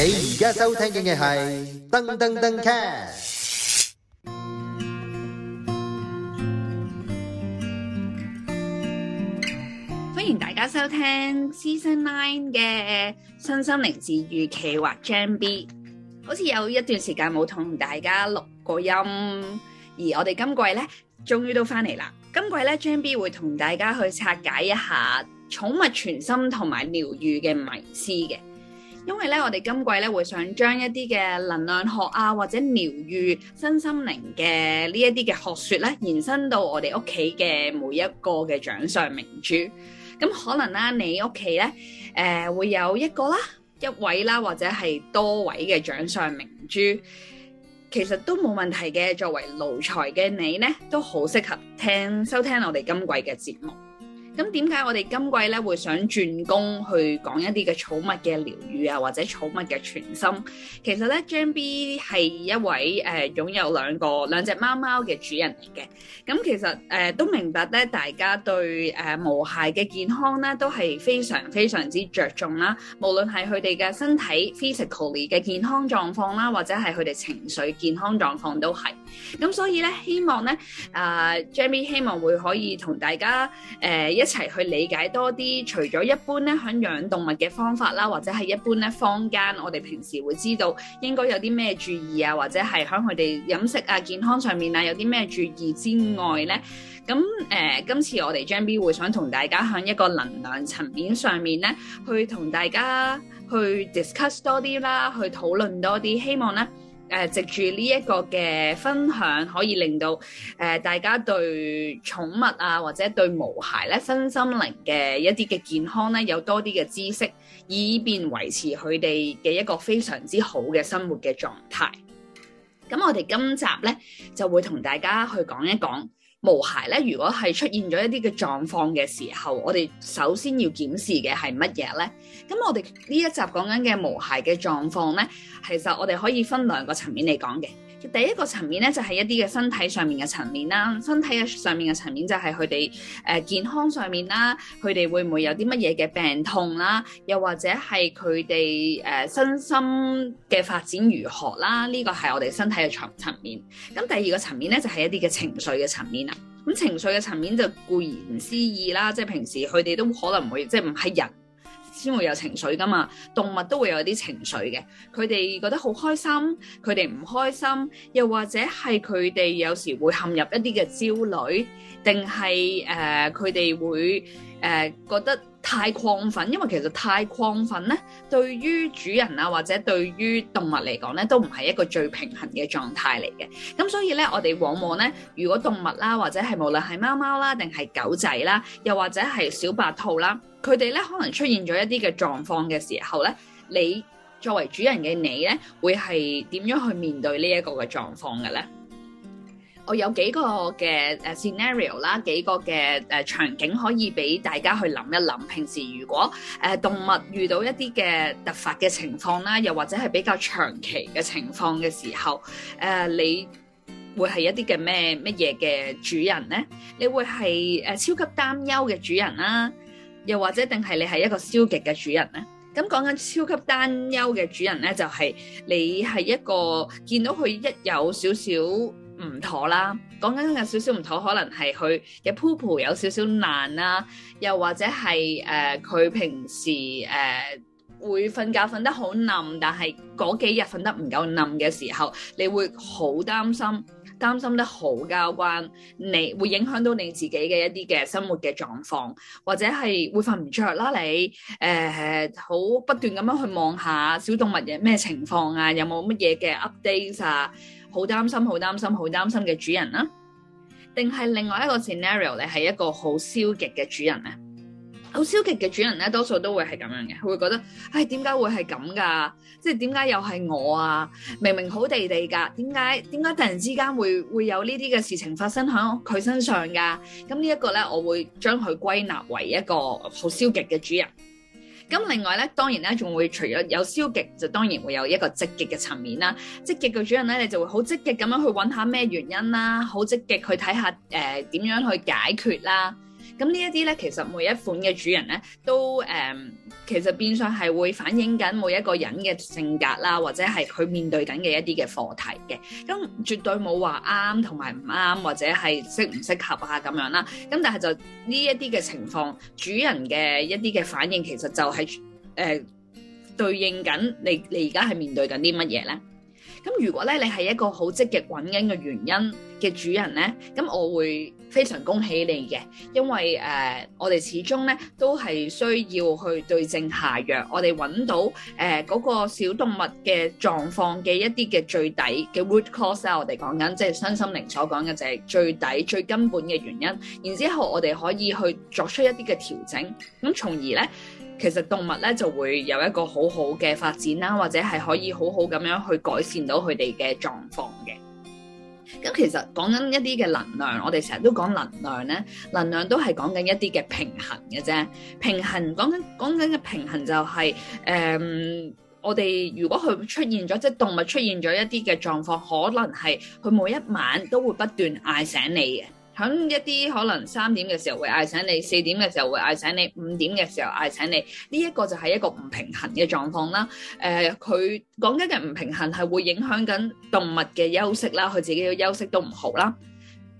你而家收聽嘅係噔噔噔 c a s 歡迎大家收聽 season nine 嘅新心靈治愈企劃 Jam B。好似有一段時間冇同大家錄過音，而我哋今季咧終於都翻嚟啦。今季咧 Jam B 會同大家去拆解一下寵物全心同埋療愈嘅迷思嘅。因為咧，我哋今季咧會想將一啲嘅能量學啊，或者療癒身心靈嘅呢一啲嘅學說咧，延伸到我哋屋企嘅每一個嘅掌上明珠。咁、嗯、可能啦、啊，你屋企咧，誒、呃、會有一個啦，一位啦，或者係多位嘅掌上明珠，其實都冇問題嘅。作為奴才嘅你咧，都好適合聽收聽我哋今季嘅節目。咁點解我哋今季咧會想轉工去講一啲嘅寵物嘅療愈啊，或者寵物嘅傳心？其實咧 j e m B 係一位誒、呃、擁有兩個兩隻貓貓嘅主人嚟嘅。咁、嗯、其實誒、呃、都明白咧，大家對誒毛孩嘅健康咧都係非常非常之着重啦。無論係佢哋嘅身體 physically 嘅健康狀況啦，或者係佢哋情緒健康狀況都係。咁所以咧，希望咧，啊、呃、Jamy 希望會可以同大家誒、呃、一齊去理解多啲，除咗一般咧響養動物嘅方法啦，或者係一般咧坊間我哋平時會知道應該有啲咩注意啊，或者係響佢哋飲食啊、健康上面啊有啲咩注意之外咧，咁誒、呃，今次我哋 Jamy Jeremy 會想同大家響一個能量層面上面咧，去同大家去 discuss 多啲啦，去討論多啲，希望咧。誒、呃，藉住呢一個嘅分享，可以令到誒、呃，大家對寵物啊，或者對毛孩咧，身心靈嘅一啲嘅健康咧，有多啲嘅知識，以便維持佢哋嘅一個非常之好嘅生活嘅狀態。咁我哋今集咧就會同大家去講一講。毛孩咧，如果係出現咗一啲嘅狀況嘅時候，我哋首先要檢視嘅係乜嘢咧？咁我哋呢一集講緊嘅毛孩嘅狀況咧，其實我哋可以分兩個層面嚟講嘅。第一個層面咧，就係、是、一啲嘅身體上面嘅層面啦，身體嘅上面嘅層面就係佢哋誒健康上面啦，佢哋會唔會有啲乜嘢嘅病痛啦？又或者係佢哋誒身心嘅發展如何啦？呢、這個係我哋身體嘅層層面。咁第二個層面咧，就係、是、一啲嘅情緒嘅層面。咁、嗯、情緒嘅層面就顧名思義啦，即係平時佢哋都可能會即係，唔係人先會有情緒噶嘛，動物都會有啲情緒嘅，佢哋覺得好開心，佢哋唔開心，又或者係佢哋有時會陷入一啲嘅焦慮，定係誒佢哋會誒、呃、覺得。太亢奮，因為其實太亢奮咧，對於主人啊或者對於動物嚟講咧，都唔係一個最平衡嘅狀態嚟嘅。咁所以咧，我哋往往咧，如果動物啦或者係無論係貓貓啦，定係狗仔啦，又或者係小白兔啦，佢哋咧可能出現咗一啲嘅狀況嘅時候咧，你作為主人嘅你咧，會係點樣去面對呢一個嘅狀況嘅咧？我有幾個嘅誒 scenario 啦，幾個嘅誒場景可以俾大家去諗一諗。平時如果誒動物遇到一啲嘅突發嘅情況啦，又或者係比較長期嘅情況嘅時候，誒你會係一啲嘅咩乜嘢嘅主人呢？你會係誒超級擔憂嘅主人啦，又或者定係你係一個消極嘅主人呢？咁講緊超級擔憂嘅主人呢，就係你係一個見到佢一有少少唔妥啦，講緊有少少唔妥，可能係佢嘅 poopoo 有少少爛啦，又或者係誒佢平時誒、呃、會瞓覺瞓得好冧，但係嗰幾日瞓得唔夠冧嘅時候，你會好擔心，擔心得好交關，你會影響到你自己嘅一啲嘅生活嘅狀況，或者係會瞓唔着啦，你誒好、呃、不斷咁樣去望下小動物嘅咩情況啊，有冇乜嘢嘅 update 啊？好擔心，好擔心，好擔心嘅主人啦，定係另外一個 scenario，你係一個好消極嘅主人呢？好消極嘅主人呢，多數都會係咁樣嘅，佢會覺得唉，點解會係咁噶？即係點解又係我啊？明明好地地噶，點解點解突然之間會會有呢啲嘅事情發生喺佢身上噶？咁呢一個呢，我會將佢歸納為一個好消極嘅主人。咁另外咧，當然咧，仲會除咗有消極，就當然會有一個積極嘅層面啦。積極嘅主人咧，你就會好積極咁樣去揾下咩原因啦，好積極去睇下誒點樣去解決啦。咁呢一啲咧，其實每一款嘅主人咧，都誒、呃，其實變相係會反映緊每一個人嘅性格啦，或者係佢面對緊嘅一啲嘅課題嘅。咁、嗯、絕對冇話啱同埋唔啱，或者係適唔適合啊咁樣啦。咁、嗯、但係就呢一啲嘅情況，主人嘅一啲嘅反應，其實就係、是、誒、呃、對應緊你你而家係面對緊啲乜嘢咧。咁、嗯、如果咧，你係一個好積極揾緊嘅原因嘅主人呢，咁我會非常恭喜你嘅，因為誒，呃，我哋始終呢都係需要去對症下藥，我哋揾到誒嗰個小動物嘅狀況嘅一啲嘅最底嘅 root cause，啊，我哋講緊即係身心靈所講嘅就係最底最根本嘅原因，然之後我哋可以去作出一啲嘅調整，咁從而呢，其實動物呢就會有一個好好嘅發展啦，或者係可以好好咁樣去改善到佢哋嘅狀況嘅。咁其實講緊一啲嘅能量，我哋成日都講能量咧，能量都係講緊一啲嘅平衡嘅啫。平衡講緊講緊嘅平衡就係，誒，我哋如果佢出現咗，即係動物出現咗一啲嘅狀況，可能係佢每一晚都會不斷嗌醒你嘅。喺一啲可能三點嘅時候會嗌醒你，四點嘅時候會嗌醒你，五點嘅時候嗌醒你。呢、這個、一個就係一個唔平衡嘅狀況啦。誒、呃，佢講緊嘅唔平衡係會影響緊動物嘅休息啦，佢自己嘅休息都唔好啦，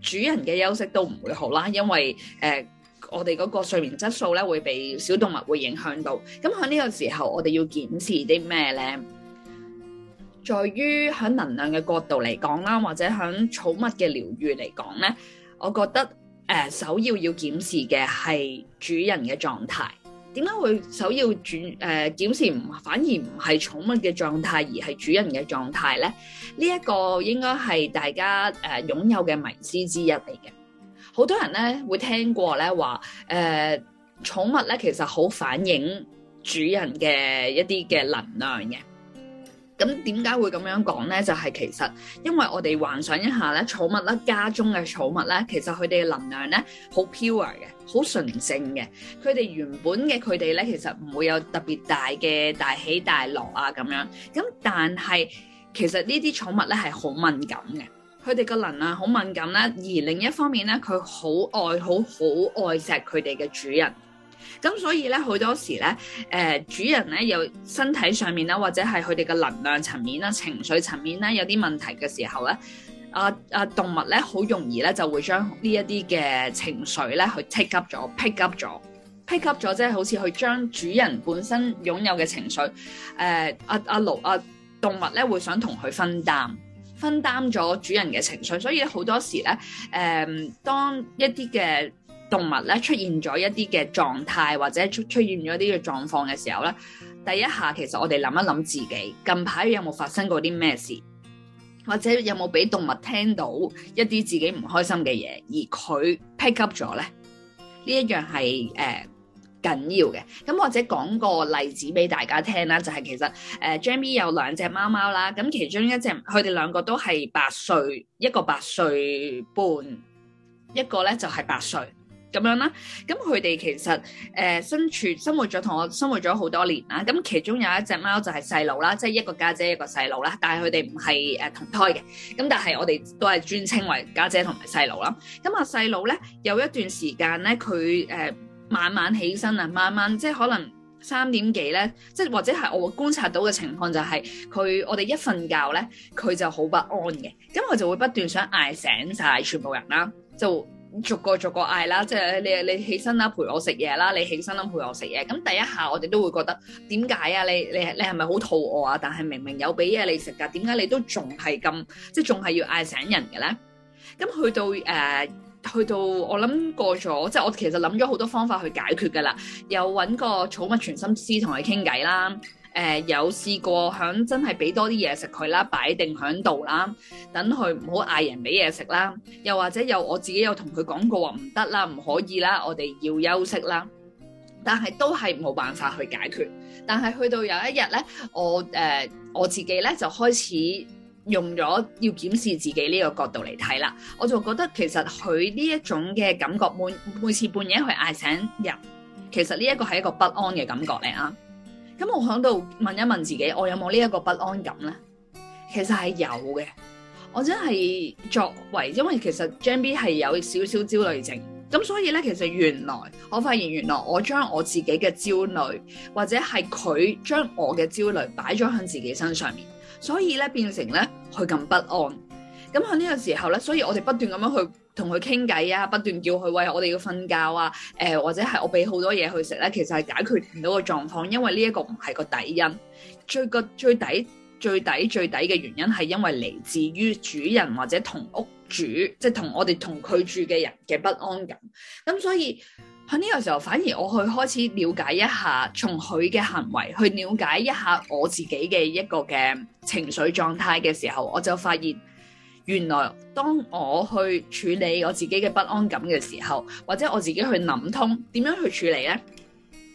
主人嘅休息都唔會好啦，因為誒、呃、我哋嗰個睡眠質素咧會被小動物會影響到。咁喺呢個時候，我哋要檢視啲咩咧？在於喺能量嘅角度嚟講啦，或者喺寵物嘅療癒嚟講咧。我覺得誒、呃、首要要檢視嘅係主人嘅狀態，點解會首要轉誒、呃、檢視唔，反而唔係寵物嘅狀態，而係主人嘅狀態咧？呢、這、一個應該係大家誒、呃、擁有嘅迷思之一嚟嘅。好多人咧會聽過咧話誒，寵物咧其實好反映主人嘅一啲嘅能量嘅。咁點解會咁樣講呢？就係、是、其實，因為我哋幻想一下咧，寵物啦，家中嘅寵物咧，其實佢哋嘅能量咧，好 pure 嘅，好純正嘅。佢哋原本嘅佢哋咧，其實唔會有特別大嘅大起大落啊咁樣。咁但係，其實呢啲寵物咧係好敏感嘅，佢哋個能量好敏感啦。而另一方面咧，佢好愛好好愛錫佢哋嘅主人。咁所以咧，好多時咧，誒、呃、主人咧有身體上面啦，或者係佢哋嘅能量層面啦、情緒層面咧有啲問題嘅時候咧，啊、呃、啊、呃、動物咧好容易咧就會將呢一啲嘅情緒咧去 take up 咗、pick up 咗、pick up 咗，即、就、係、是、好似去將主人本身擁有嘅情緒，誒啊啊盧啊動物咧會想同佢分擔，分擔咗主人嘅情緒，所以好多時咧，誒、呃、當一啲嘅。動物咧出現咗一啲嘅狀態，或者出出現咗啲嘅狀況嘅時候咧，第一下其實我哋諗一諗自己近排有冇發生過啲咩事，或者有冇俾動物聽到一啲自己唔開心嘅嘢，而佢 pick up 咗咧，呢一樣係誒緊要嘅。咁或者講個例子俾大家聽啦，就係其實誒 Jamie 有兩隻貓貓啦，咁其中一隻佢哋兩個都係八歲，一個八歲半，一個咧就係八歲。咁樣啦，咁佢哋其實誒生存生活咗同我生活咗好多年啦。咁其中有一隻貓就係細路啦，即係一個家姐一個細路啦。但係佢哋唔係誒同胎嘅。咁但係我哋都係尊稱為家姐同埋細路啦。咁啊細路咧有一段時間咧，佢誒慢慢起身啊，慢慢即係可能三點幾咧，即係或者係我觀察到嘅情況就係佢我哋一瞓覺咧，佢就好不安嘅。咁我就會不斷想嗌醒晒全部人啦，就。逐個逐個嗌啦，即係你你起身啦，陪我食嘢啦，你起身啦，陪我食嘢。咁第一下我哋都會覺得點解啊？你你你係咪好肚餓啊？但係明明有俾嘢你食㗎，點解你都仲係咁即係仲係要嗌醒人嘅咧？咁去到誒、呃、去到我諗過咗，即係我其實諗咗好多方法去解決㗎啦，又揾個寵物傳心師同佢傾偈啦。誒、呃、有試過響真係俾多啲嘢食佢啦，擺定喺度啦，等佢唔好嗌人俾嘢食啦，又或者有我自己有同佢講過話唔得啦，唔可以啦，我哋要休息啦。但係都係冇辦法去解決。但係去到有一日咧，我誒、呃、我自己咧就開始用咗要檢視自己呢個角度嚟睇啦，我就覺得其實佢呢一種嘅感覺，每每次半夜去嗌醒人、yeah，其實呢一個係一個不安嘅感覺嚟啊！咁我喺度問一問自己，我有冇呢一個不安感呢？其實係有嘅。我真係作為，因為其實 Jammy 係有少少焦慮症，咁所以呢，其實原來我發現原來我將我自己嘅焦慮，或者係佢將我嘅焦慮擺咗喺自己身上面，所以呢，變成呢，佢咁不安。咁喺呢個時候呢，所以我哋不斷咁樣去。同佢傾偈啊，不斷叫佢喂，我哋要瞓覺啊，誒、呃、或者係我俾好多嘢佢食咧，其實係解決唔到個狀況，因為呢一個唔係個底因，最個最底最底最底嘅原因係因為嚟自於主人或者同屋主，即係同我哋同佢住嘅人嘅不安感。咁所以喺呢個時候，反而我去開始了解一下，從佢嘅行為去了解一下我自己嘅一個嘅情緒狀態嘅時候，我就發現。原來當我去處理我自己嘅不安感嘅時候，或者我自己去諗通點樣去處理呢？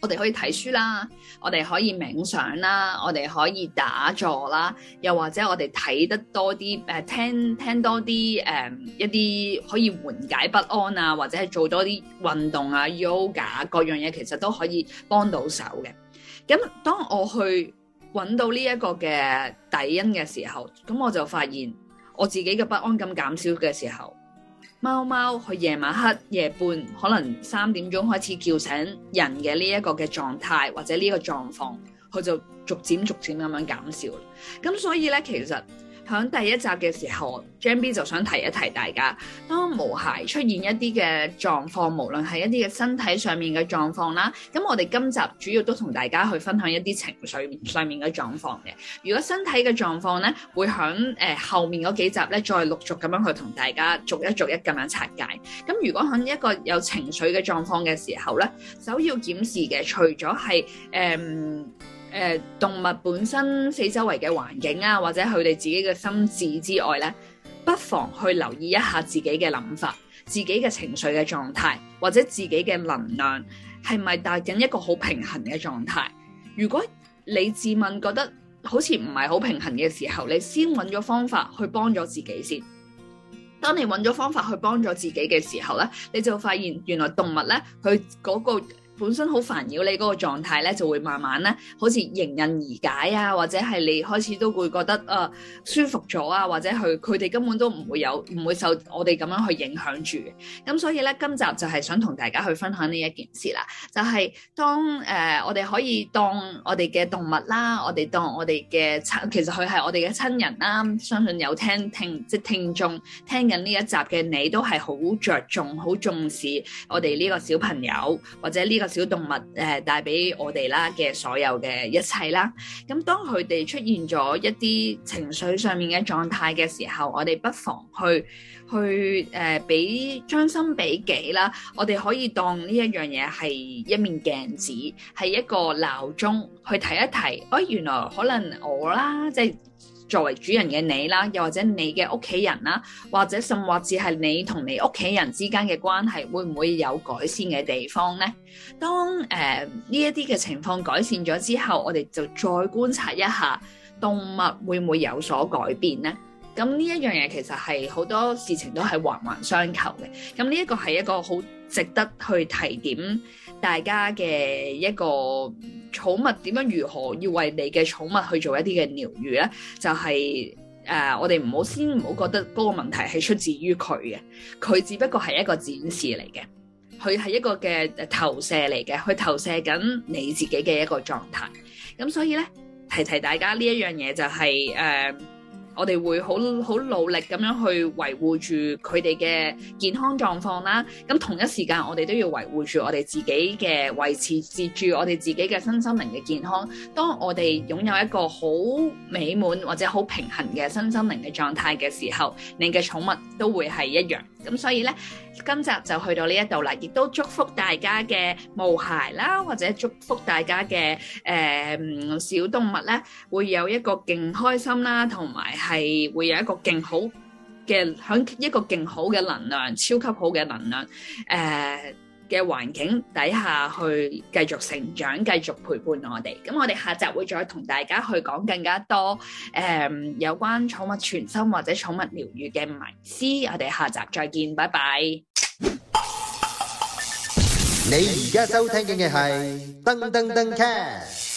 我哋可以睇書啦，我哋可以冥想啦，我哋可以打坐啦，又或者我哋睇得多啲誒、呃，聽聽多啲誒一啲、呃、可以緩解不安啊，或者係做多啲運動啊、yoga、啊、各樣嘢，其實都可以幫到手嘅。咁當我去揾到呢一個嘅底因嘅時候，咁我就發現。我自己嘅不安感減少嘅時候，貓貓佢夜晚黑、夜半可能三點鐘開始叫醒人嘅呢一個嘅狀態，或者呢個狀況，佢就逐漸逐漸咁樣減少。咁所以呢，其實。響第一集嘅時候，Jam B 就想提一提大家，當毛孩出現一啲嘅狀況，無論係一啲嘅身體上面嘅狀況啦，咁我哋今集主要都同大家去分享一啲情緒上面嘅狀況嘅。如果身體嘅狀況呢，會響誒、呃、後面嗰幾集呢，再陸續咁樣去同大家逐一逐一咁樣拆解。咁如果響一個有情緒嘅狀況嘅時候呢，首要檢視嘅，除咗係誒、呃誒、呃、動物本身四周圍嘅環境啊，或者佢哋自己嘅心智之外呢，不妨去留意一下自己嘅諗法、自己嘅情緒嘅狀態，或者自己嘅能量係咪帶緊一個好平衡嘅狀態？如果你自問覺得好似唔係好平衡嘅時候，你先揾咗方法去幫咗自己先。當你揾咗方法去幫咗自己嘅時候呢，你就發現原來動物呢，佢嗰、嗰個。本身好煩擾你嗰個狀態咧，就會慢慢咧，好似迎刃而解啊，或者係你開始都會覺得誒、呃、舒服咗啊，或者佢佢哋根本都唔會有，唔會受我哋咁樣去影響住。咁所以咧，今集就係想同大家去分享呢一件事啦，就係、是、當誒、呃、我哋可以當我哋嘅動物啦，我哋當我哋嘅親，其實佢係我哋嘅親人啦。相信有聽聽即聽眾聽緊呢一集嘅你，都係好着重、好重視我哋呢個小朋友或者呢、這個。小動物誒、呃、帶俾我哋啦嘅所有嘅一切啦，咁當佢哋出現咗一啲情緒上面嘅狀態嘅時候，我哋不妨去去誒俾、呃、將心比己啦，我哋可以當呢一樣嘢係一面鏡子，係一個鬧鐘去提一提，哎，原來可能我啦，即係。作為主人嘅你啦，又或者你嘅屋企人啦，或者甚或至係你同你屋企人之間嘅關係，會唔會有改善嘅地方呢？當誒呢一啲嘅情況改善咗之後，我哋就再觀察一下動物會唔會有所改變呢？咁呢一樣嘢其實係好多事情都係環環相扣嘅。咁呢一個係一個好值得去提點大家嘅一個寵物點樣如何要為你嘅寵物去做一啲嘅療愈呢？就係、是、誒、呃，我哋唔好先唔好覺得嗰個問題係出自於佢嘅，佢只不過係一個展示嚟嘅，佢係一個嘅投射嚟嘅，佢投射緊你自己嘅一個狀態。咁所以呢，提提大家呢一樣嘢就係、是、誒。呃我哋會好好努力咁樣去維護住佢哋嘅健康狀況啦。咁同一時間，我哋都要維護住我哋自己嘅維持住，我哋自己嘅身心靈嘅健康。當我哋擁有一個好美滿或者好平衡嘅身心靈嘅狀態嘅時候，你嘅寵物都會係一樣。咁所以咧，今集就去到呢一度啦，亦都祝福大家嘅毛孩啦，或者祝福大家嘅誒小動物咧，會有一個勁開心啦，同埋係會有一個勁好嘅響一個勁好嘅能量，超級好嘅能量誒，嘅環境底下去繼續成長，繼續陪伴我哋。咁我哋下集會再同大家去講更加多誒有關寵物傳心或者寵物療愈嘅迷思。我哋下集再見，拜拜。你而家收聽緊嘅係噔噔噔 cash。